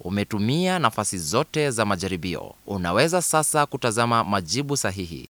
Umetumia nafasi zote za majaribio. Unaweza sasa kutazama majibu sahihi.